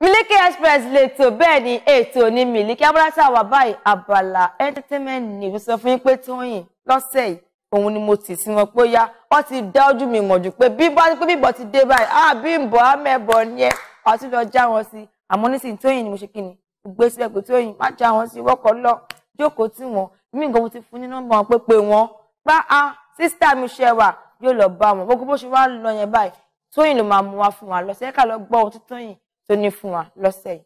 Miliki Express lètò bẹ́ẹ̀ ni ètò ní Miliki abúlátà wà báyìí abala entertainment ni ìfẹsọ fún yín pé Tóyìn lọ́sẹ̀ yìí òun ni mo tì sí wọn pé ó wọ́n ti dá ojú mi mọ̀jú pé bí bá pé bíbọ̀ ti dé báyìí á ah, Bímbọ́ amẹ́bọ̀ ni ẹ àti lọ já wọn sí àmọ́ nísìnyí Tóyìn ni mo ṣe kíni gbé sílẹ̀ pé Tóyìn má já wọn sí wọ́kọ̀ lọ jókòó tí wọn mí nǹkan mo ti fún ní nọ́mbà wọn pé pé wọn pa á sísítà mi ṣe wà yóò lọ bá wọn gbogbo bó ṣe wá lọ yẹn báyìí Tóyìn ló máa mú wa fún wa lọ sí ẹ̀ka lọ gbọ́ ohun tí Tóyìn Tenez-vous-moi, l'oseille.